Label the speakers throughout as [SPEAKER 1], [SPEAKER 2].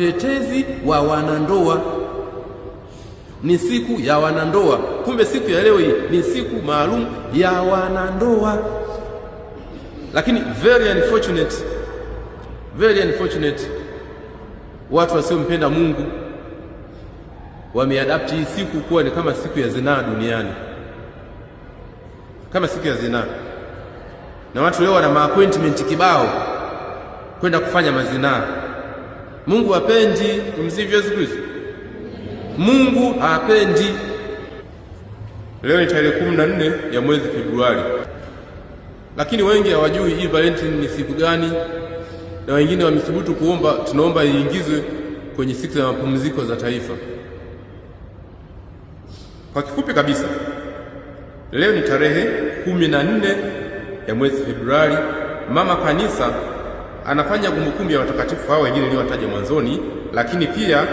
[SPEAKER 1] Tetezi wa wanandoa. Ni siku ya wanandoa. Kumbe siku ya leo hii ni siku maalum ya wanandoa, lakini very unfortunate, very unfortunate, watu wasiompenda Mungu wameadapti hii siku kuwa ni kama siku ya zinaa duniani, kama siku ya zinaa, na watu leo wana ma kibao kwenda kufanya mazinaa. Mungu hapendi mzivyo Yesu Kristo. Mungu hapendi. Leo ni tarehe kumi na nne ya mwezi Februari, lakini wengi hawajui hii Valentine ni siku gani, na wengine wamethubutu kuomba, tunaomba iingizwe kwenye siku za mapumziko za taifa. Kwa kifupi kabisa, leo ni tarehe kumi na nne ya mwezi Februari, mama kanisa anafanya kumbukumbu ya watakatifu hao wengine niliowataja mwanzoni, lakini pia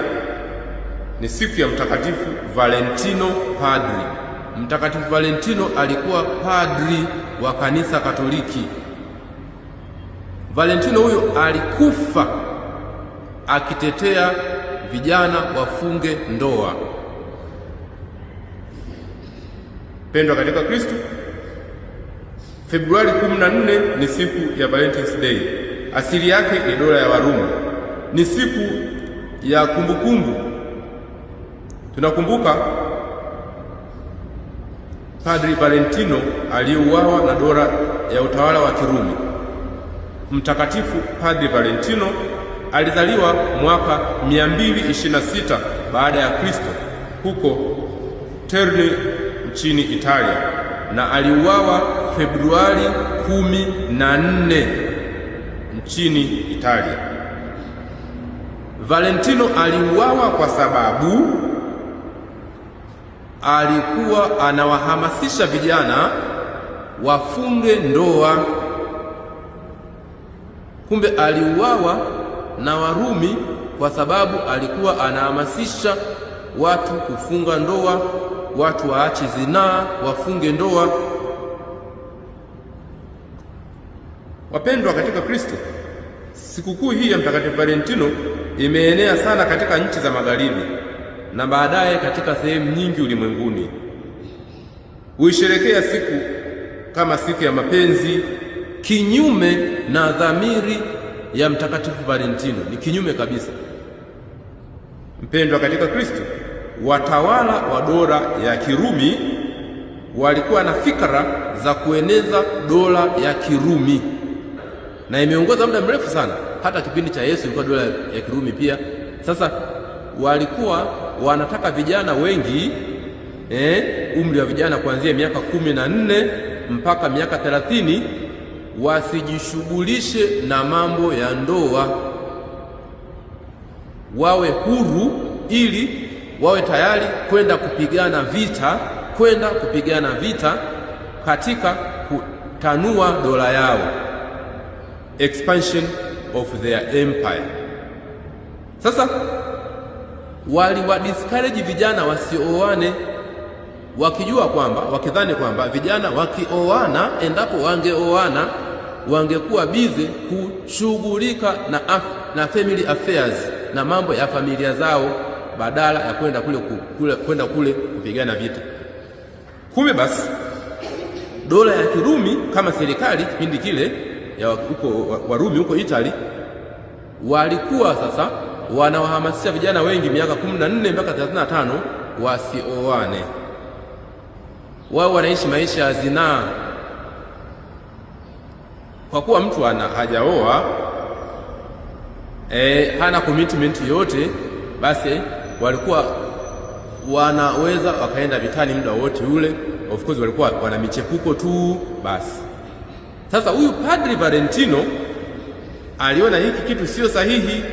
[SPEAKER 1] ni siku ya mtakatifu Valentino padri. Mtakatifu Valentino alikuwa padri wa kanisa Katoliki. Valentino huyo alikufa akitetea vijana wafunge ndoa. Pendwa katika Kristo, Februari 14 ni siku ya Valentine's Day asili yake ni dola ya Warumi. Ni siku ya kumbukumbu, tunakumbuka Padri Valentino aliyeuawa na dola ya utawala wa Kirumi. Mtakatifu Padri Valentino alizaliwa mwaka 226 baada ya Kristo huko Terni nchini Italia na aliuawa Februari 14 na nne nchini Italia. Valentino aliuawa kwa sababu alikuwa anawahamasisha vijana wafunge ndoa. Kumbe aliuawa na Warumi kwa sababu alikuwa anahamasisha watu kufunga ndoa, watu waache zinaa, wafunge ndoa. Wapendwa katika Kristo, Sikukuu hii ya Mtakatifu Valentino imeenea sana katika nchi za magharibi na baadaye katika sehemu nyingi ulimwenguni. Huisherekea siku kama siku ya mapenzi, kinyume na dhamiri ya Mtakatifu Valentino, ni kinyume kabisa. Mpendwa katika Kristo, watawala wa dola ya Kirumi walikuwa na fikra za kueneza dola ya Kirumi na imeongoza muda mrefu sana. Hata kipindi cha Yesu ilikuwa dola ya Kirumi pia. Sasa walikuwa wanataka vijana wengi eh, umri wa vijana kuanzia miaka kumi na nne mpaka miaka thelathini wasijishughulishe na mambo ya ndoa, wawe huru ili wawe tayari kwenda kupigana vita, kwenda kupigana vita katika kutanua dola yao expansion of their empire. Sasa waliwa discourage vijana wasioane wakijua kwamba wakidhani kwamba vijana wakioana, endapo wangeoana, wangekuwa bize kushughulika na, af, na family affairs na mambo ya familia zao badala ya kwenda kule, kule, kwenda kule kupigana vita. Kumbe basi dola ya Kirumi kama serikali kipindi kile ya huko Warumi huko Italy, walikuwa sasa wanawahamasisha vijana wengi miaka 14 mpaka 35 wasioane. Wao wanaishi maisha ya zinaa. Kwa kuwa mtu ana hajaoa e, hana commitment yote, basi walikuwa wanaweza wakaenda vitani muda wote ule. Of course walikuwa wana michepuko tu basi sasa huyu Padri Valentino aliona hiki kitu siyo sahihi.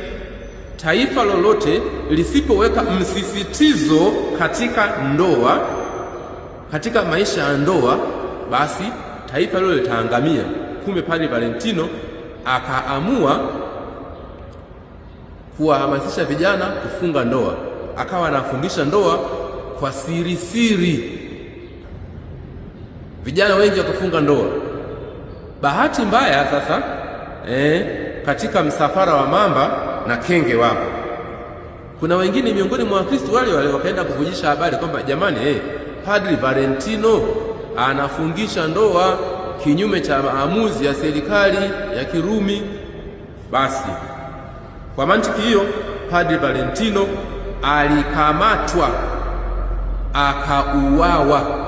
[SPEAKER 1] Taifa lolote lisipoweka msisitizo katika ndoa, katika maisha ya ndoa, basi taifa lolote litaangamia. Kumbe Padri Valentino akaamua kuwahamasisha vijana kufunga ndoa, akawa anafundisha ndoa kwa siri siri, vijana wengi wakafunga ndoa. Bahati mbaya sasa eh, katika msafara wa mamba na kenge wapo kuna wengine miongoni mwa Wakristo wale wale wakaenda kuvujisha habari kwamba jamani, eh, Padri Valentino anafungisha ndoa kinyume cha maamuzi ya serikali ya Kirumi. Basi kwa mantiki hiyo Padri Valentino alikamatwa akauawa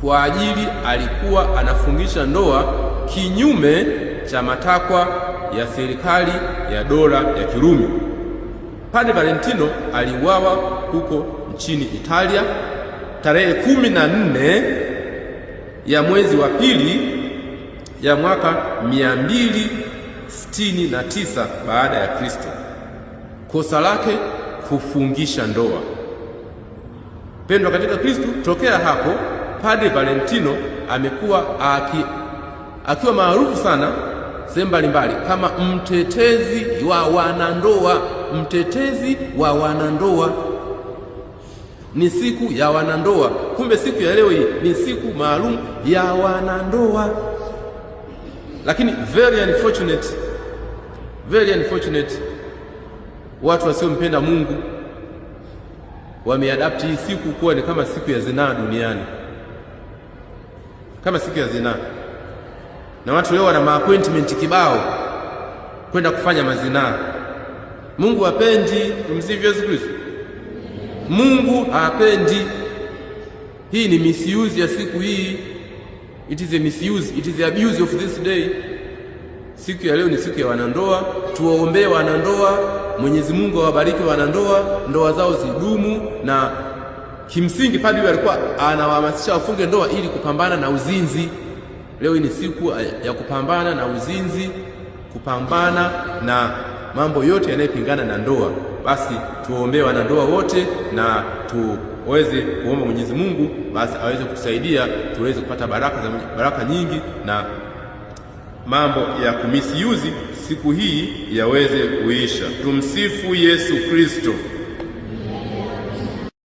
[SPEAKER 1] kwa ajili alikuwa anafungisha ndoa kinyume cha matakwa ya serikali ya dola ya Kirumi. Padre Valentino aliuawa huko nchini Italia tarehe kumi na nne ya mwezi wa pili ya mwaka 269 baada ya Kristo. Kosa lake kufungisha ndoa. Pendwa katika Kristo, tokea hapo Padre Valentino amekuwa aki, akiwa maarufu sana sehemu mbalimbali kama mtetezi wa wanandoa. Mtetezi wa wanandoa ni siku ya wanandoa. Kumbe siku ya leo hii ni siku maalum ya wanandoa, lakini very unfortunate, very unfortunate, watu wasiompenda Mungu wameadapti hii siku kuwa ni kama siku ya zinaa duniani kama siku ya zinaa, na watu leo wana maappointment kibao kwenda kufanya mazinaa. Mungu hapendi, tumsifu Yesu Kristo. Mungu hapendi. Hii ni misuse ya siku hii, it is a misuse, it is a abuse of this day. Siku ya leo ni siku ya wanandoa, tuwaombee wanandoa. Mwenyezi Mungu awabariki wanandoa, ndoa zao zidumu na Kimsingi padri alikuwa anawahamasisha wafunge ndoa ili kupambana na uzinzi. Leo ni siku ya kupambana na uzinzi, kupambana na mambo yote yanayopingana na ndoa. Basi tuombee wanandoa wote na tuweze kuomba Mwenyezi Mungu basi aweze kutusaidia tuweze kupata baraka za baraka nyingi na mambo ya kumisiuzi siku hii yaweze kuisha. Tumsifu Yesu Kristo.